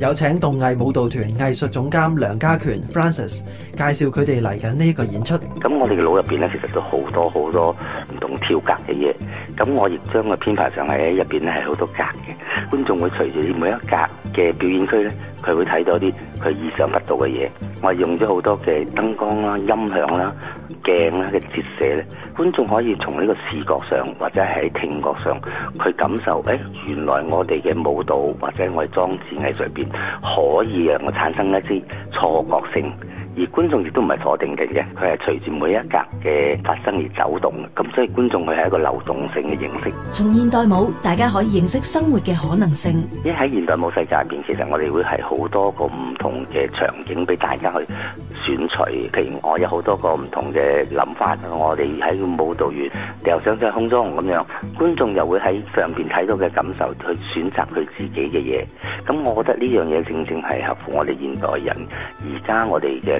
有請動藝舞蹈團藝術總監梁家權 （Francis） 介紹佢哋嚟緊呢個演出。咁我哋嘅腦入邊咧，其實都好多好多唔同跳格嘅嘢。咁我亦將個編排上嚟喺入邊咧，係好多格嘅。觀眾會隨住每一格嘅表演區咧，佢會睇到啲佢意想不到嘅嘢。我係用咗好多嘅燈光啦、音響啦、鏡啦嘅折射，觀眾可以從呢個視覺上或者喺聽覺上，去感受誒，原來我哋嘅舞蹈或者我哋裝置藝術喺邊。可以啊，我產生一啲錯覺性。而觀眾亦都唔係坐定定嘅，佢係隨住每一格嘅發生而走動。咁所以觀眾佢係一個流動性嘅認識。從現代舞，大家可以認識生活嘅可能性。因為喺現代舞世界入邊，其實我哋會係好多個唔同嘅場景俾大家去選取。譬如我有好多個唔同嘅諗法，我哋喺個舞蹈員掉上上空中咁樣，觀眾又會喺上邊睇到嘅感受去選擇佢自己嘅嘢。咁我覺得呢樣嘢正正係合乎我哋現代人而家我哋嘅。